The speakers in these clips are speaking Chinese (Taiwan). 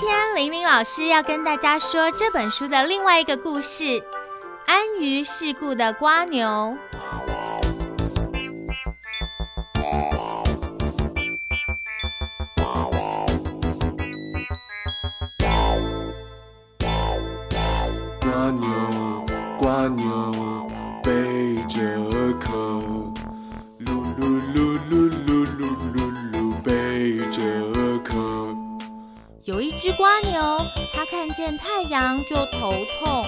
今天，林玲老師要跟大家說這本書的另外一個故事——安於世故的蝸牛。見太陽就頭痛，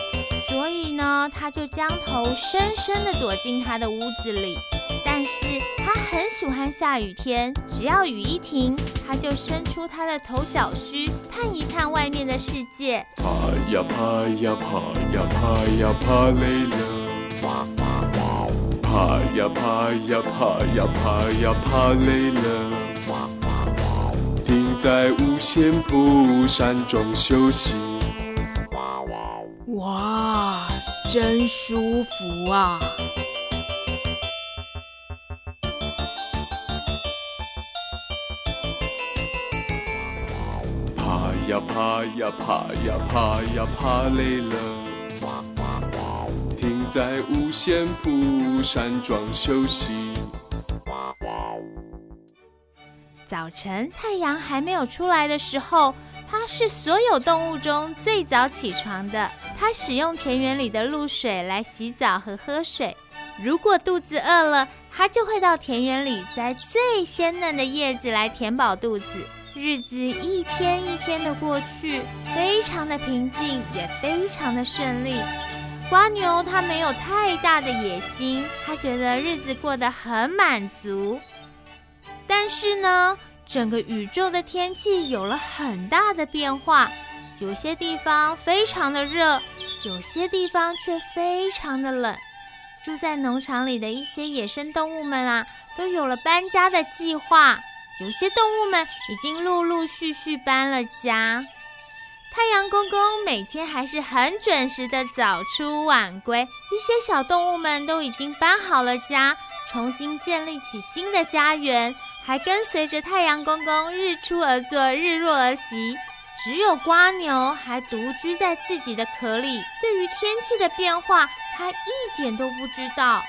所以呢，他就將頭深深地躲進他的屋子裡。但是他很喜歡下雨天，只要雨一停，他就伸出他的頭角鬚，看一看外面的世界。爬呀爬呀爬呀爬呀爬累了，爬呀爬呀爬呀爬呀爬累了，停在五線譜山莊休息。真舒服啊！爬呀爬呀爬呀爬呀，爬累了，哇哇停在五線譜山莊休息。早晨，太陽還沒有出來的時候。它是所有動物中最早起床的。它使用田園裡的露水來洗澡和喝水。如果肚子餓了，它就會到田園裡摘最鮮嫩的葉子來填飽肚子。日子一天一天的過去，非常的平靜，也非常的順利。蝸牛它沒有太大的野心，它覺得日子過得很滿足。但是呢，整個宇宙的天氣有了很大的變化，有些地方非常的熱，有些地方卻非常的冷。住在農場裡的一些野生動物們啊，都有了搬家的計劃。有些動物們已經陸陸續續搬了家。太陽公公每天還是很準時的早出晚歸。一些小動物們都已經搬好了家，重新建立起新的家園。還跟隨着太陽公公日出而作，日落而息，只有蝸牛還獨居在自己的殼裡。對於天氣的變化，它一點都不知道。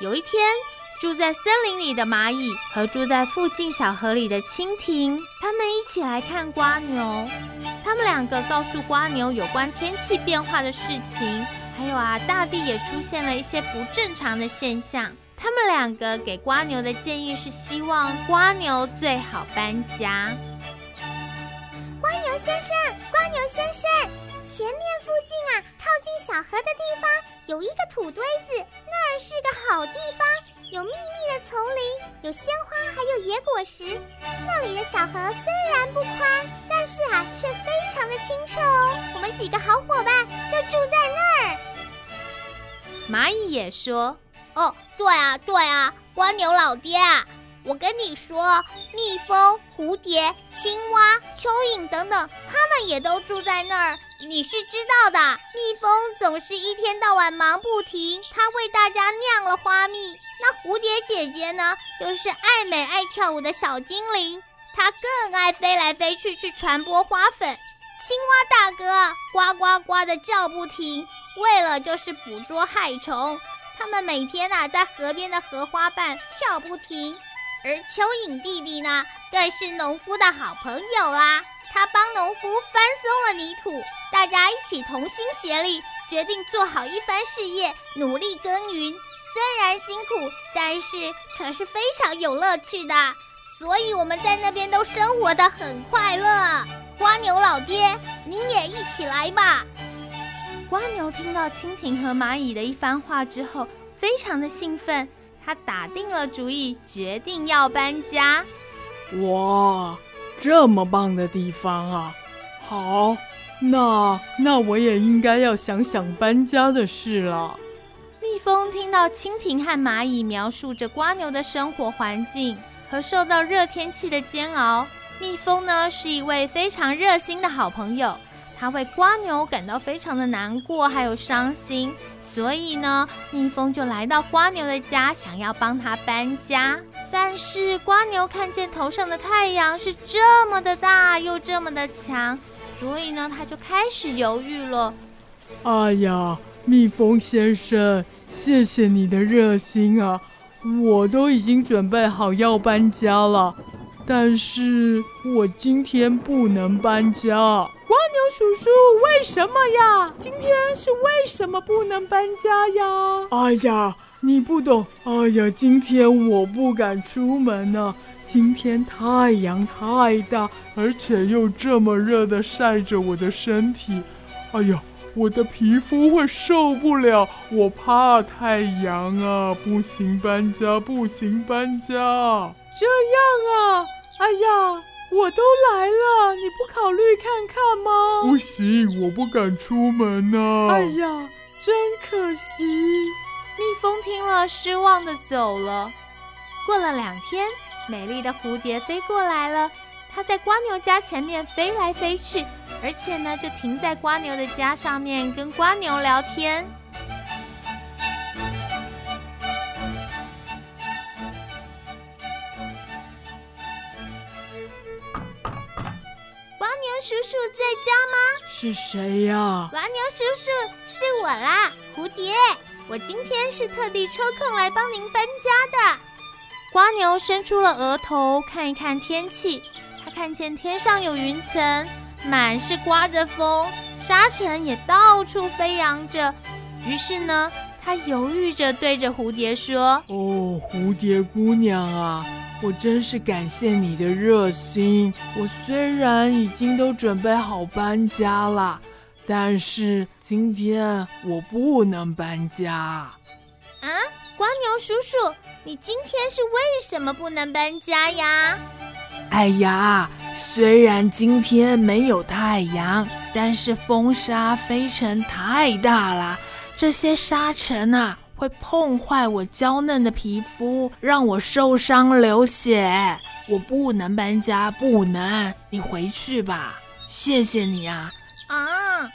有一天，住在森林裡的螞蟻和住在附近小河裡的蜻蜓，他們一起來看蝸牛。他們兩個告訴蝸牛有關天氣變化的事情，還有啊，大地也出現了一些不正常的現象。他們兩個給蝸牛的建議是：希望蝸牛最好搬家。蝸牛先生，蝸牛先生，前面附近啊，靠近小河的地方有一個土堆子，那兒是個好地方，有密密的叢林，有鮮花，還有野果實。那裡的小河雖然不寬，但是啊，卻非常的清澈哦。我們幾個好夥伴就住在那兒。螞蟻也說。哦，對啊，對啊，蝸牛老爹啊，我跟你說，蜜蜂、蝴蝶、青蛙、蚯蚓等等，他們也都住在那兒，你是知道的。蜜蜂總是一天到晚忙不停，它為大家釀了花蜜。那蝴蝶姐姐呢，就是愛美愛跳舞的小精靈，她更愛飛來飛去去傳播花粉。青蛙大哥呱呱呱的叫不停，為了就是捕捉害蟲。他們每天吶、啊，在河邊的荷花瓣跳不停，而蚯蚓弟弟呢，更是農夫的好朋友啊！他幫農夫翻鬆了泥土，大家一起同心協力，決定做好一番事業，努力耕耘。雖然辛苦，但是可是非常有樂趣的。所以我們在那邊都生活得很快樂。蝸牛老爹，你也一起來吧。蝸牛聽到蜻蜓和螞蟻的一番話之後，非常的興奮。他打定了主意，決定要搬家。哇，這麼棒的地方啊！好，那那我也應該要想想搬家的事了。蜜蜂聽到蜻蜓和螞蟻描述着蝸牛的生活環境和受到熱天氣的煎熬，蜜蜂呢是一位非常熱心的好朋友。他為蝸牛感到非常的難過，還有傷心，所以呢，蜜蜂就來到蝸牛的家，想要幫他搬家。但是蝸牛看見頭上的太陽是這麼的大，又這麼的強，所以呢，他就開始猶豫了。哎呀，蜜蜂先生，謝謝你的熱心啊！我都已經準備好要搬家了，但是我今天不能搬家。蝸牛叔叔，為什麼呀？今天是為什麼不能搬家呀？哎呀，你不懂。哎呀，今天我不敢出門呢、啊。今天太陽太大，而且又這麼熱的曬着我的身體。哎呀，我的皮膚會受不了。我怕太陽啊，不行，搬家，不行，搬家。這樣啊？哎呀！我都來了，你不考慮看看嗎？不行，我不敢出門呢、啊。哎呀，真可惜！蜜蜂聽了，失望的走了。過了兩天，美麗的蝴蝶飛過來了，它在蝸牛家前面飛來飛去，而且呢，就停在蝸牛的家上面，跟蝸牛聊天。家嗎？是誰呀、啊？蝸牛叔叔，是我啦！蝴蝶，我今天是特地抽空來幫您搬家的。蝸牛伸出了額頭看一看天氣，他看見天上有雲層，滿是颳着風，沙塵也到處飛揚着。於是呢，他猶豫着對着蝴蝶說：“哦，蝴蝶姑娘啊。”我真是感謝你的熱心。我雖然已經都準備好搬家了，但是今天我不能搬家。啊，蝸牛叔叔，你今天是為什麼不能搬家呀？哎呀，雖然今天沒有太陽，但是風沙飛塵太大了，這些沙塵啊。會碰壞我嬌嫩的皮膚，讓我受傷流血。我不能搬家，不能。你回去吧，謝謝你啊。啊，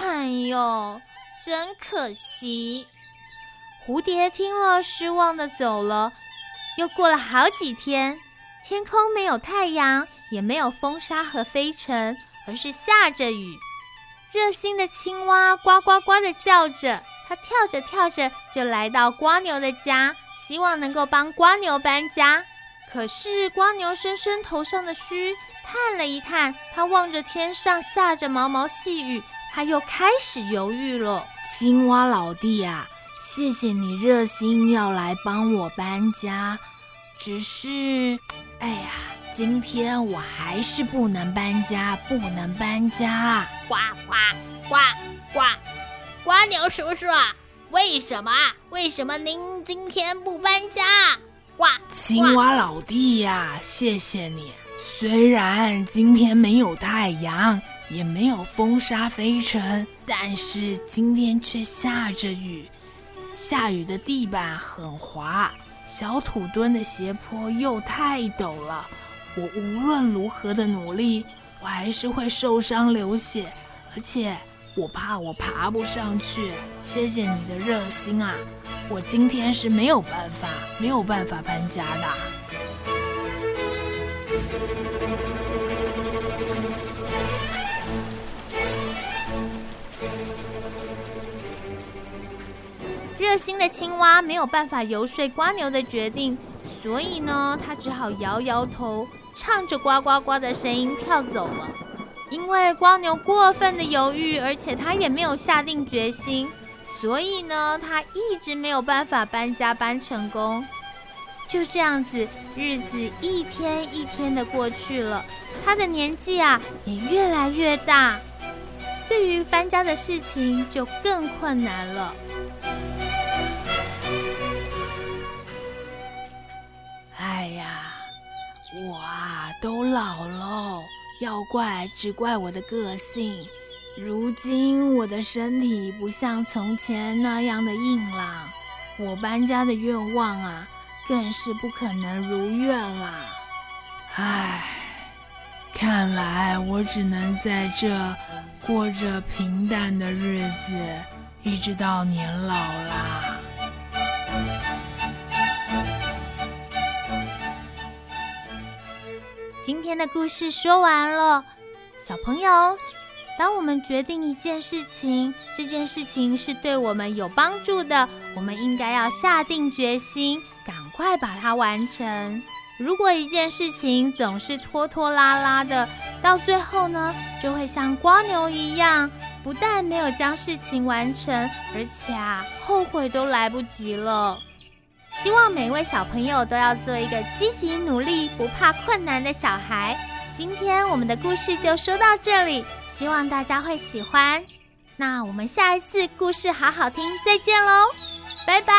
哎呦，真可惜。蝴蝶聽了，失望地走了。又過了好幾天，天空沒有太陽，也沒有風沙和飛塵，而是下着雨。熱心的青蛙呱呱呱地叫着。他跳着跳着就來到蝸牛的家，希望能夠幫蝸牛搬家。可是蝸牛伸伸頭上的鬚，探了一探，他望着天上下着毛毛細雨，他又開始猶豫了。青蛙老弟啊，謝謝你熱心要來幫我搬家，只是，哎呀，今天我還是不能搬家，不能搬家！呱呱呱呱。呱呱蝸牛叔叔啊，為什麼？為什麼您今天不搬家？哇，哇青蛙老弟呀、啊，謝謝你。雖然今天沒有太陽，也沒有風沙飛塵，但是今天卻下着雨。下雨的地板很滑，小土墩的斜坡又太陡了。我無論如何的努力，我還是會受傷流血，而且。我怕我爬不上去，謝謝你的熱心啊！我今天是沒有辦法，沒有辦法搬家的。熱心的青蛙沒有辦法游說蝸牛的決定，所以呢，他只好搖搖頭，唱着呱呱呱的聲音跳走了。因為蝸牛過分的猶豫，而且他也沒有下定決心，所以呢，他一直沒有辦法搬家搬成功。就這樣子，日子一天一天的過去了，他的年紀啊也越來越大，對於搬家的事情就更困難了。哎呀，我啊都老了。要怪，只怪我的個性。如今我的身體不像從前那樣的硬朗，我搬家的願望啊，更是不可能如願啦。唉，看來我只能在這過着平淡的日子，一直到年老啦。的故事說完了，小朋友，當我們決定一件事情，這件事情是對我們有幫助的，我們應該要下定決心，趕快把它完成。如果一件事情總是拖拖拉拉的，到最後呢，就會像蝸牛一樣，不但沒有將事情完成，而且啊，後悔都來不及了。希望每一位小朋友都要做一個積極努力、不怕困難的小孩。今天我們的故事就說到這裡，希望大家會喜歡。那我們下一次故事好好聽，再見嘍！拜拜。